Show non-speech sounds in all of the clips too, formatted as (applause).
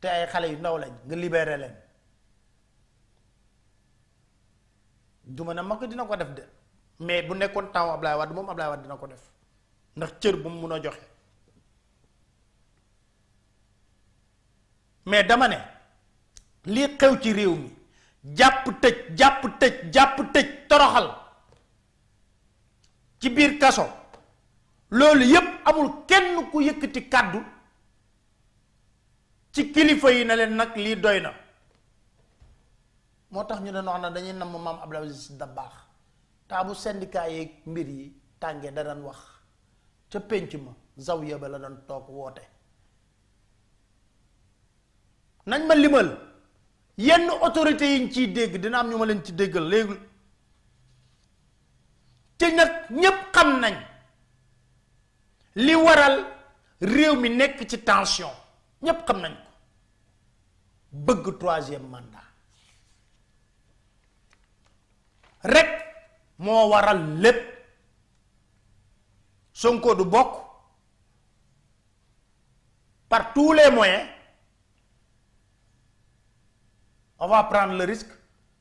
te ay xale yu ndaw lañ nga libéré leen duma na mako dina ko def de mais bu nekkon temps ablay wad mom ablay wad dina ko def ndax cër bu mu joxe mais dama ne li xew ci réew mi japp tej japp tej japp tej toroxal ci biir kaso loolu yépp amul kenn ku yëkkati kaddu ci kilifa yi ne leen nag lii doy na moo tax ñu doon wax na dañuy namm maam Abdoul Aziz baax Dabakh taabu syndicat yeeg mbir yi tànge da daan wax ca pénc ma zawiya ba la doon toog woote nañ ma limal yenn autorité yi ñu ciy dégg dina am ñu ma leen ci déggal léegi te nag ñépp xam nañ li waral réew mi nekk ci tension ñépp xam nañ ko bëgg troisième mandat rek moo waral lépp Sonko du bokk par tous les moyens on va prendre le risque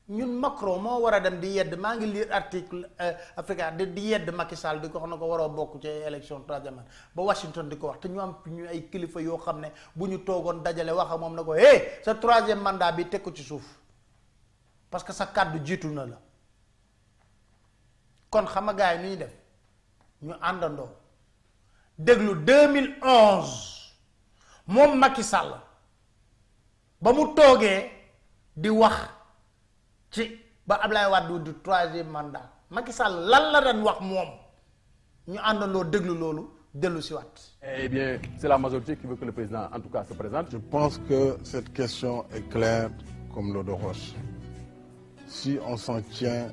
ñun Macron moo war a dem di yedd maa ngi lire article euh, Africa di yedd Macky Sall di ko xam ne ko waroo bokk ci élection troisième ba Washington di ko wax te ñu am ñu ay kilifa yoo xam ne bu ñu toogoon dajale wax ak moom ne ko hé sa troisième mandat bi teg ko ci suuf parce que sa kàddu jiitu na la kon xam nga gars nu ñu def ñu àndandoo déglu 2011 moom Macky Sall ba mu toogee di wax. ci mandat eh bien c'est la majorité qui veut que le président en tout cas se présente. Je pense que cette question est claire comme l'eau de roche. Si on s'en tient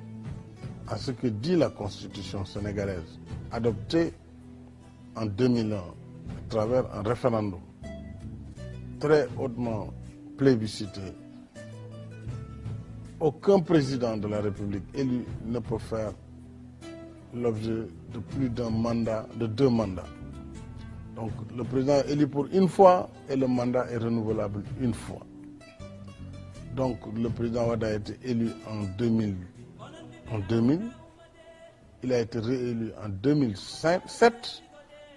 à ce que dit la constitution sénégalaise, adoptée en 2001 à travers un référendum très hautement plébiscité aucun président de la République élu ne peut faire l'objet de plus d'un mandat, de deux mandats. Donc le président est élu pour une fois et le mandat est renouvelable une fois. Donc le président Wada a été élu en 2000. En 2000, il a été réélu en 2007.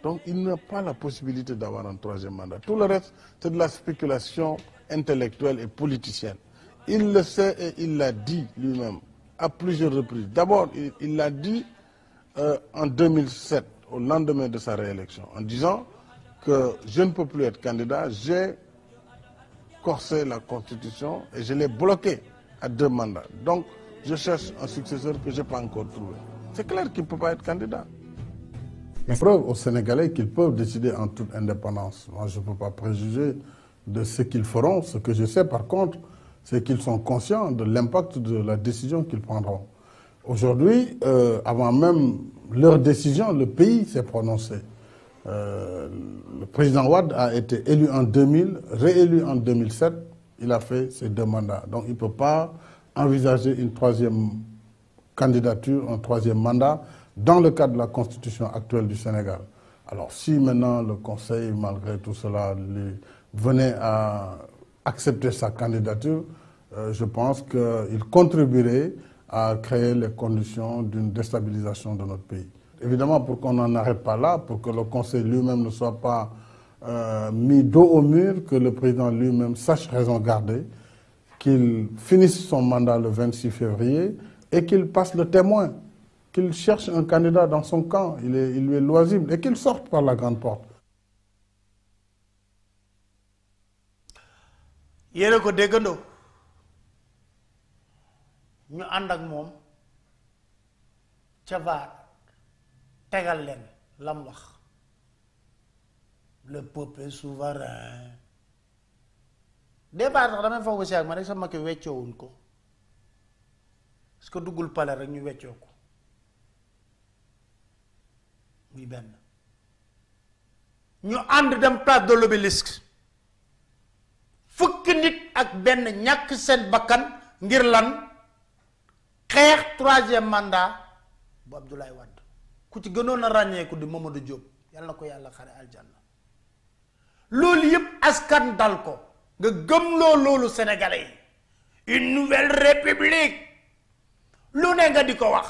Donc il n'a pas la possibilité d'avoir un troisième mandat. Tout le reste, c'est de la spéculation intellectuelle et politicienne. Il le sait et il l'a dit lui-même à plusieurs reprises. D'abord, il l'a dit euh, en 2007, au lendemain de sa réélection, en disant que je ne peux plus être candidat, j'ai corsé la Constitution et je l'ai bloqué à deux mandats. Donc, je cherche un successeur que je n'ai pas encore trouvé. C'est clair qu'il ne peut pas être candidat. La preuve aux Sénégalais qu'ils peuvent décider en toute indépendance. Moi, je ne peux pas préjuger de ce qu'ils feront. Ce que je sais, par contre, c'est qu'ils sont conscients de l'impact de la décision qu'ils prendront. Aujourd'hui, euh, avant même leur décision, le pays s'est prononcé. Euh, le président Ouad a été élu en 2000, réélu en 2007. Il a fait ses deux mandats. Donc il ne peut pas envisager une troisième candidature, un troisième mandat dans le cadre de la constitution actuelle du Sénégal. Alors si maintenant le Conseil, malgré tout cela, venait à accepter sa candidature, euh, je pense qu'il contribuerait à créer les conditions d'une déstabilisation de notre pays. Évidemment, pour qu'on n'en arrête pas là, pour que le Conseil lui-même ne soit pas euh, mis dos au mur, que le président lui-même sache raison garder, qu'il finisse son mandat le 26 février et qu'il passe le témoin, qu'il cherche un candidat dans son camp, il, il lui est loisible, et qu'il sorte par la grande porte. yéen a ko déggandoo ñu ànd ak moom ca vaar tegal leen lam wax le peuple souverain départ sax damay foog si ak ma rek sama ki weccoowuñ ko parce que duggul pale rek ñu weccoo ko muy benn ñu ànd dem place de l'obélisque fukki nit ak benn ñàkk seen bakkan ngir lan xeex troisième mandat bu Abdoulaye Wade ku ci gënoon a ràññeeku di Mamadou Diop yàlla na ko yàlla xare aljanna loolu yëpp askan dal ko nga gëmloo loolu sénégalais yi une nouvelle république lu ne nga di ko wax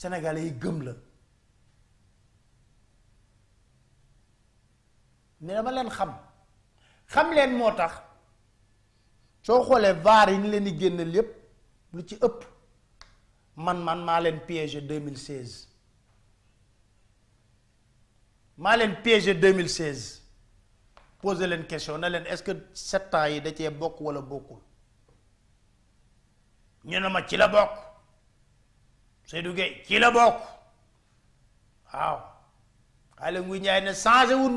sénégalais yi gëm la ne dama leen xam xam leen moo tax soo xoolee vaar yi leen di génneel yépp lu ci ëpp man man maa leen piégé 2016 maa leen piégé 2016 posé leen question na leen est-ce que sept yi da cee bokk walla bokkul ñu ne ma ci la bokk Seydou Gueye ci la bokk waaw xale nguy njaay ne changé wun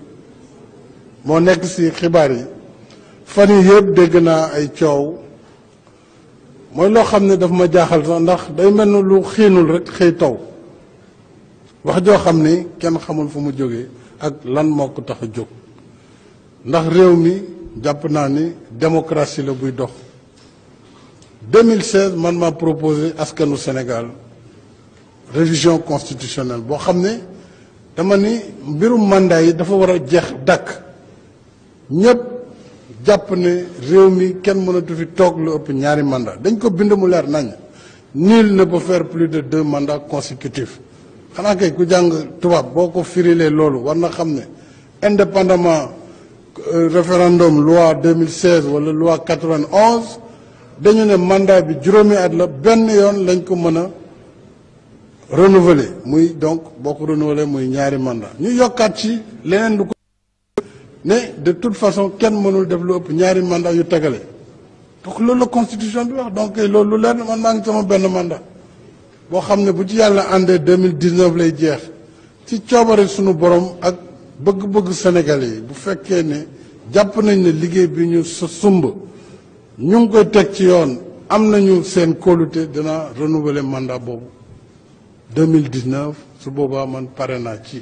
moo nekk si xibaar yi fan yii yëpp dégg ay coow mooy loo xam daf ma jaaxal sax ndax day mel lu xiinul rek xëy taw wax joo xam ni kenn xamul fu mu jógee ak lan moo ko tax a jóg ndax réew mi jàpp naa ni démocratie la buy dox 2016 man ma proposé askanu Sénégal révision constitutionnelle bo xam ne dama ni mbirum mandat yi dafa wara jeex dak ñëpp japp ne réew mi kenn mënatu fi lu mandat dañ ko mu ne peut faire plus de deux mandats consécutifs xanaa kay ku jàng tubaab boo ko firilee loolu war ne indépendamment euh, référendum loi 2016 wala loi 91 dañu ne mandat bi juróomi at la benn yoon lañ ko mën renouveler muy donc boo ko renouveler mandat ñu yokkaat ci ne de toute façon ken mënul def lu ëpp ñaari mandat yu tegale donc loolu la constitution bi wax donc loolu leer man maa ngi sama benn mandat boo xam ne bu ci yàlla àndee 2019 lay jeex ci coobare sunu borom ak bëgg-bëgg Sénégalais yi bu fekkee ne jàpp nañ ne liggéey bi ñu sa sumb ñu ngi koy teg ci yoon am nañu seen kóolute dina renouveler mandat boobu 2019, su boobaa man pare naa ci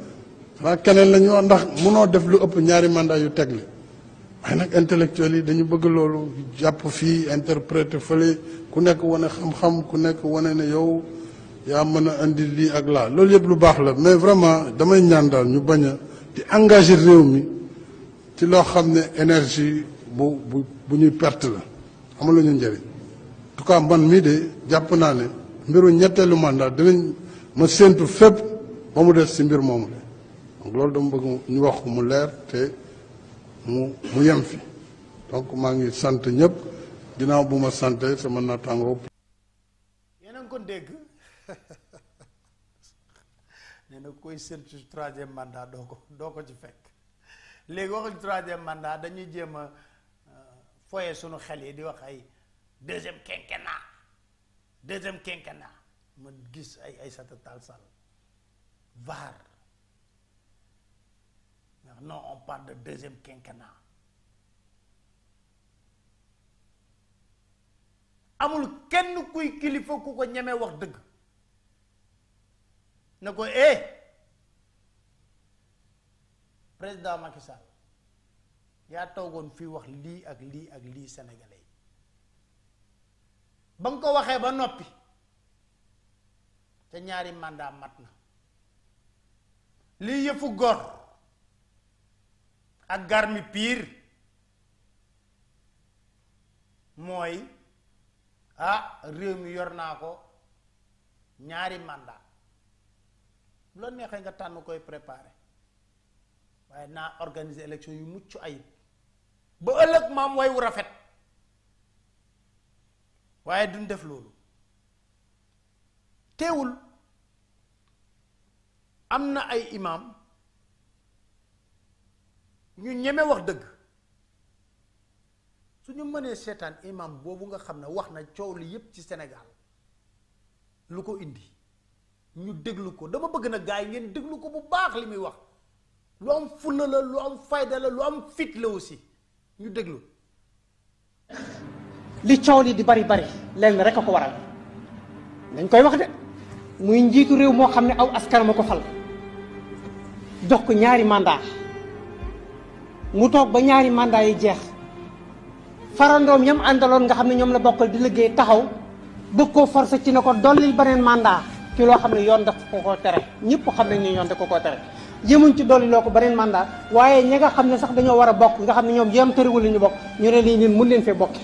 waa keneen la ñu ndax munoo def lu ëpp ñaari mandat yu tegle waaye nag intellectuel yi dañu bëgg loolu jàpp fii interpréter fële ku nekk wane xam-xam ku nekk wane ne yow yaa mën a indi lii ak laa loolu yëpp lu baax la mais vraiment damay ñaan daal ñu bañ a di engagé réew mi ci loo xam ne énergie bu bu bu ñuy perte la amul ñu njëriñ en mii de jàpp naa ne mbiru ñetteelu mandat dinañ ma séentu fépp ba mu des si mbir moomu. loolu dama bëgg ñu wax mu leer te mu mu yem fi donc maa ngi sant ñëpp ginnaaw bu ma sante sama nattangoo yéen a ko dégg (laughs) nee na koy seetlu ci troisième mandat doo ko doo ko ci fekk léegi waxuñu troisième mandat dañuy jéem a euh, foye sunu xel yi di wax ay deuxième quinquennat deuxième quinquennat ma gis ay Aïssata Tall Sall vaar non on parle de deuxième quinquennat amul kenn kuy kilifa ku ko ñemee wax dëgg na ko eh président Macky Sall yaa toogoon fii wax lii ak lii ak lii sénégalais yi ba nga ko waxee ba noppi te ñaari mandat mat na lii yëfu góor ak garmi piir mooy ah réew mi yor naa ko ñaari mandat bu la neexee nga tànn koy préparer waaye naa organiser élection yu mucc ayib ba ëllëg maam way wu rafet waaye duñ def loolu teewul am na ay imam ñu ñeme wax dëgg su ñu mënee seetaan imam boobu nga xam ne wax na coow li yépp ci Sénégal lu ko indi ñu déglu ko dama bëgg na gaa yi ngeen déglu ko bu baax li muy wax lu am fulla la lu am fayda la lu am fit la aussi ñu déglu li coow li di bari bari leen rek a ko waral dañ koy wax de muy njiitu réew moo xam ne aw askan ma ko fal jox ko ñaari mandat mu tok ba ñaari mandat yi jeex farandom yam andalon nga xamni ñom la bokkal di liggéey taxaw bu ko forcé ci nako ko benen mandat ci lo xamni yoon daf ko ko téré ñepp xamni nañ yoon daf ko ko téré yemuñ ci doli loko benen mandat waye ñinga xamni sax dañoo wara bok nga xamni ñom ñoom yam tëriwul ñu bok ñu ne li ñun mun leen fe bokki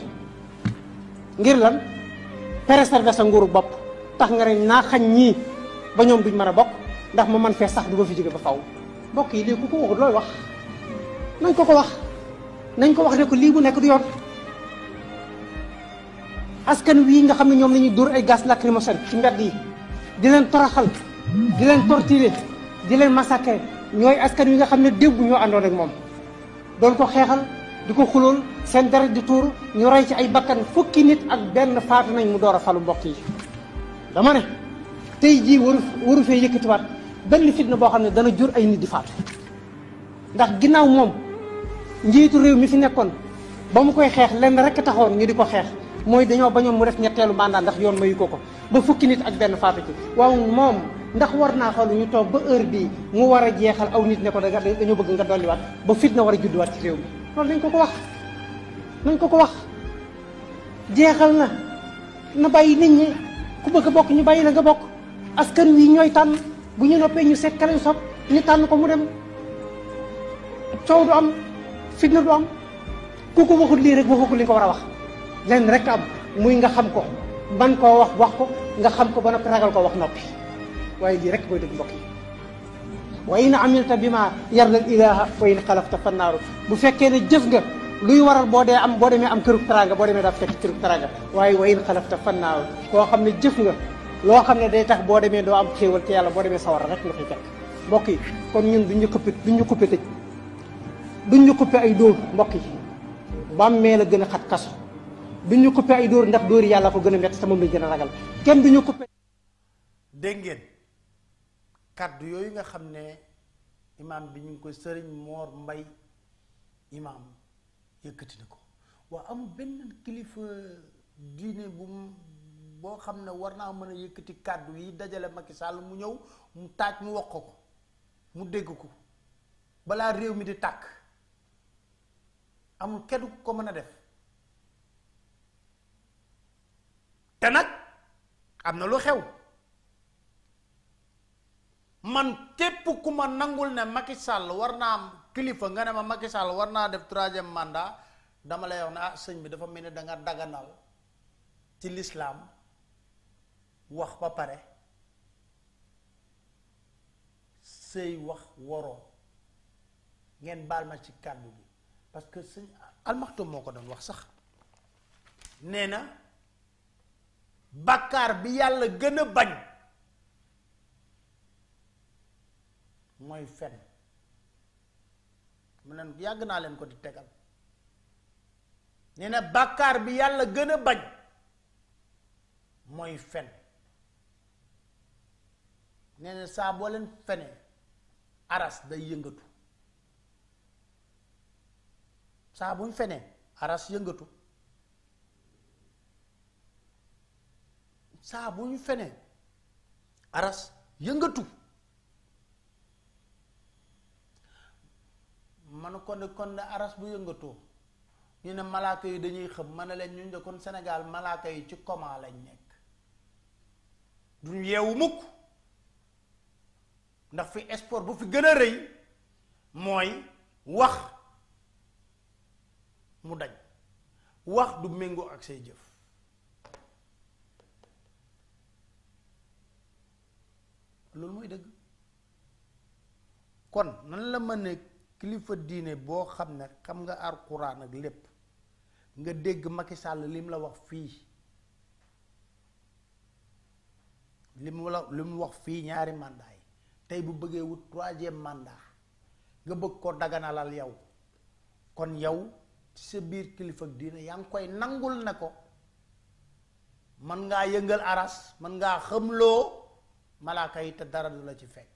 ngir lan préserver sa tax nga ne xañ ñi ba ñom duñ mëna bok ndax mo man fe sax du ko fi ba faaw yi ko wax wax nañ ko ko wax nañ ko wax ne lii mu nekk du yoon askan wii nga xam ne ñoom lañuy dóor ay gaz lacrymogène ci mbedd yi di leen toroxal di leen torturer di leen massacrer ñooy askan wi nga xam ne démb ñoo àndoon ak moom doon ko xeexal di ko xulool seen deret di tuur ñu rey ci ay bakkan fukki nit ak benn faatu nañ mu door a falu mbokk yi dama ne tey jii waru waru fee yëkkatiwaat benn fitna boo xam ne dana jur ay nit di faatu ndax ginnaaw moom njitu rew mi fi nekkon ba mu koy xex len rek taxoon ñu diko xex moy dañu bañu mu def ñettelu mandat ndax yoon mayu koko ba fukki nit ak ben faatu ci waaw mom ndax warna xol ñu toog ba heure bi mu wara a aw nit ne ko danga bëgg nga wat ba fitna wara judd wat ci rew mi lool dañ ko ko wax nañ ko ko wax jeexal na na bayyi nit ñi ku bëgg bok ñu bayyi la nga bok askan wi ñoy tan bu ñu noppé ñu seet kan ñu sop ñu tan ko mu dem ciow du am fitna du am ku ko waxul lii rek waxu ko li nga ko war a wax lenn rek am muy nga xam ko ban koo wax wax ko nga xam ko ba noppi ragal ko wax noppi waaye lii rek mooy dëgg mbokk yi wa in amilta bi ma yarda ilaha wa in xalafta fannaaru bu fekkee ne jëf nga luy waral boo dee am boo demee am kërug taranga boo demee daa fekk kërug taranga waaye wa in xalafta fannaaru koo xam ne jëf nga loo xam ne day tax boo demee doo am xéewal ci yàlla boo demee sawar rek nga fay fekk mbokk yi kon ñun duñu ñu coupé duñu ñu coupé tëj duñ ñu xuppe ay dóor mbokk yi bàmmeel la gën a xat kaso du ñu xuppe ay dóor ndax dóori yàlla ko gën a metti sama moom gën a ragal kenn duñu xuppe dégg ngeen kàddu yooyu nga xam ne imaam bi ñu ngi ko sëriñ Moor Mbay imaam yëkkati na ko waa amul benn kilifa diine bu boo xam ne war naa mën a yëkkati kàddu yi dajale Macky Sall mu ñëw mu taaj mu wax ko ko mu dégg ko balaa réew mi di tàkk amul kedu ko meuna def té nak amna lu xew man képp ku ma nangul ne Macky Sall warna am kilifa nga ne ma Macky Sall warna def 3e mandat dama lay wax na ah bi dafa melni da nga daganal ci l'islam wax ba paré sey wax woro ngeen baal ci kaddu bi parce que sëñ almaxtum moo ko doon wax sax nee na bàkkaar bi yàlla gën bañ mooy fen mu ne yàgg naa leen ko di tegal nee na bàkkaar bi yàlla gën a bañ mooy fen nee na saa leen fenee aras day yëngatu saa buñ fenee aras yëngatu saa buñ fenee aras yëngatu man kon kon ne aras bu yëngatoo ñu ne malaaka yi dañuy xëm man leen ñu ne kon Sénégal malaaka yi ci coma lañ nekk duñ yeewu mukk ndax fi sport bu fi gën a rëy mooy wax mu dañ wax du mengo ak say jëf lool moy deug kon nan la mëne ne kilifa diine boo xam ne xam nga alquran ak lépp nga dégg Macky Sall lim la wax fii lim la lim wax fii ñaari mandat yi tey bu bëggee wut troisième mandat nga bëgg ko daganalal yow kon yow ci sa biir kilifa ak diine yaa ngi koy nangul ne ko mën ngaa yëngal aras man ngaa xëmloo malaaka yi te dara du la ci fekk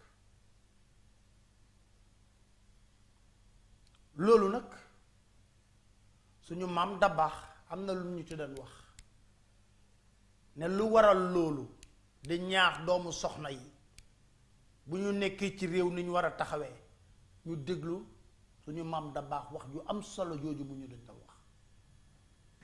loolu nag suñu maam dabaax am na lu ñu ci doon wax ne lu waral loolu di ñaax doomu soxna yi bu ñu nekkee ci réew ni war a taxawee ñu déglu suñu maam da baax wax yu am solo jooju mu ñu dañ ta wax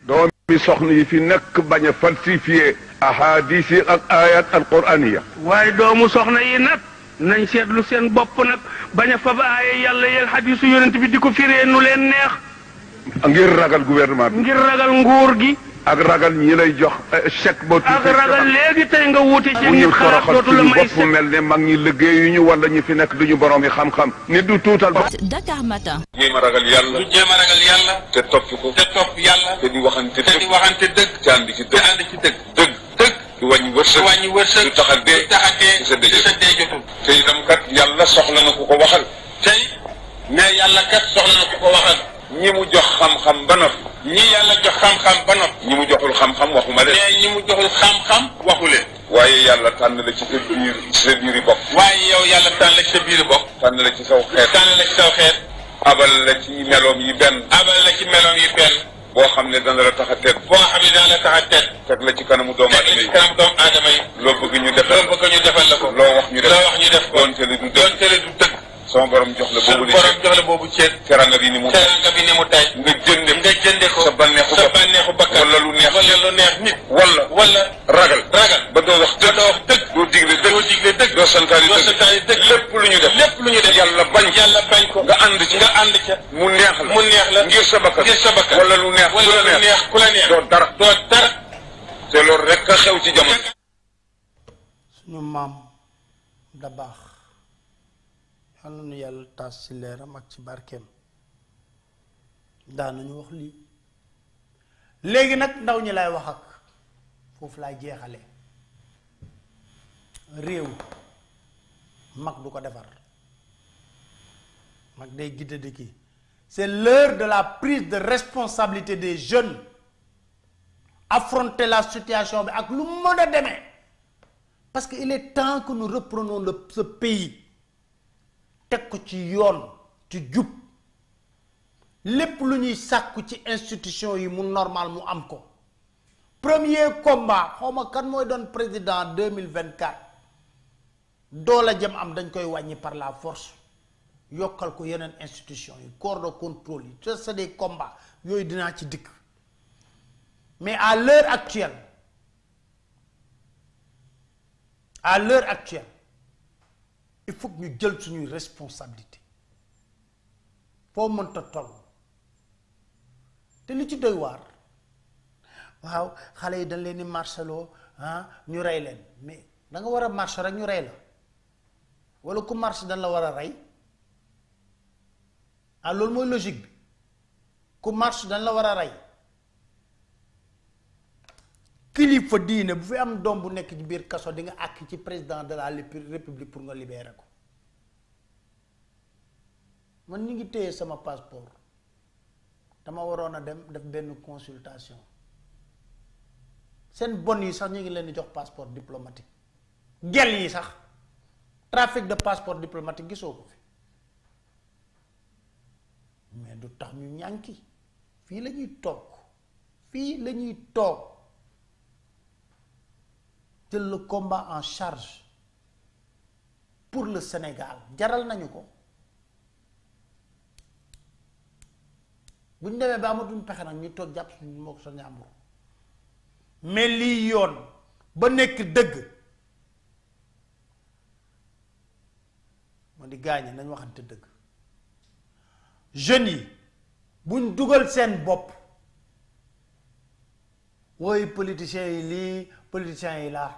doomi soxna yi fi nakk bañ a falsifié ahadis yi ak ayat alquraniya waaye doomu soxna yi nag nañ seetlu seen bopp nag bañ a fab aaya yàlla yéen xadisu yonent bi di ko firee nu leen neex ngir ragal gouvernement bi ngir ragal nguur gi ak ragal ñi lay jox chèque ba ak ragal léegi tey nga wuti ci ñu xalaat dootu la may bopp mel ne mag ñi liggéey yu ñu wala ñu fi nekk duñu borom yi xam-xam nit du tuutal ba Dakar Matin jéem a ragal yàlla du jéem a ragal yàlla te topp ko te topp yàlla te di waxante dëgg te di waxante dëgg te ànd ci dëgg te ànd ci dëgg dëgg dëgg di wàññi wërsëg di wàññi wërsëg du tax a dee du tax a dee sa dee sa dee jotul te itam kat yàlla soxla na ku ko waxal tey mais yàlla kat soxla na ku ko waxal ñi mu jox xam-xam ba noppi. ñi yàlla jox xam ba noppi. ñi mu joxul xam-xam waxuma leen. mais ñi mu joxul xam-xam waxu waaye yàlla tànn la ci sa biir sa biiri bopp. waaye yow yàlla tànn la ci sa biiri bokk tànn la ci saw xeet. tànn la ci saw xeet. abal la ci meloom yi benn. abal la ci meloom yi benn. boo xam ne dana la tax a tedd. boo xam ne dana la tax a tedd. teg la ci kanamu doomu aadama yi teg la ci loo bëgg ñu defal loo bëgg ñu defal la ko. loo wax ñu def loo wax ñu def ko. doonte li du dëgg sama borom jox la boobu sama borom la boobu ceeb. teranga bi ni mu teranga bi ni mu daj. nga jënde nga jënde ko. sa bànneexu bakkan sa bànneexu bakkan wala lu neex wala lu neex nit. wala wala ragal. ragal ba ba doo wax dëgg. doo digle dëgg doo digle dëgg. doo santaani dëgg doo santaani dëgg. lépp lu ñu def lu ñu def. yàlla bañ yàlla bañ ko. nga ànd ci nga ànd ca. mu neex mu neex la. ngir sa bakkan ngir wala lu neex wala lu neex ku la neex. doo dara doo dara. te loolu rek a xew ci jamono. suñu maam da baax yal na nu yàlla taas ci leeram ak ci barkeem daanañu wax lii léegi nag ndaw ñi lay wax ak foofu laay jeexale réew mag du ko defar mag day gidda di kii c'est l'heure de la prise de responsabilité des jeunes affronter la situation bi ak lu mën a demee parce que il est temps que nous reprenons le ce pays teg ci yoon ci institution yi mu normal mu premier combat quand kan suis président en 2024 jëm am dañ koy par la force yokkal ko yeneen institution yi corps de contrôle ce des combats mais à l'heure actuelle à l'heure actuelle il faut que nous jël suñuy responsabilité foo mënta toll te li ci doy waar waaw xale yi dañ leen di marcheloo ah ñu rey leen mais da nga war marche rek ñu rey la walla ku marche dañ la war a rey ah loolu logique bi ku marche dañ la war a kilifa diine bu fi am dom bu nek ci biir kaso di nga ak ci président de la république pour nga libérer ko man ñu ngi téye sama passeport dama warona dem def ben consultation sen bon yi sax ñi ngi leen di jox passeport diplomatique gel yi sax trafic de passeport diplomatique gisoko fi mais du tax ñu ñanki fi lañuy tok fi lañuy tok de le combat en charge pour le Sénégal jaral nañu ko bu pas ba amatuñu nak ñu tok japp suñu sa mais li yoon ba nekk dëgg di gañ nañ politiciens politiciens yi laa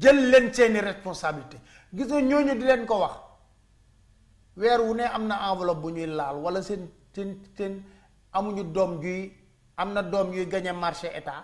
jël leen seeni responsabilité gis nga ñooñu di leen ko wax weer wu ne am na enveloppe bu ñuy laal wala seen seen seen amuñu doom juy am na doom yuy gañe marché état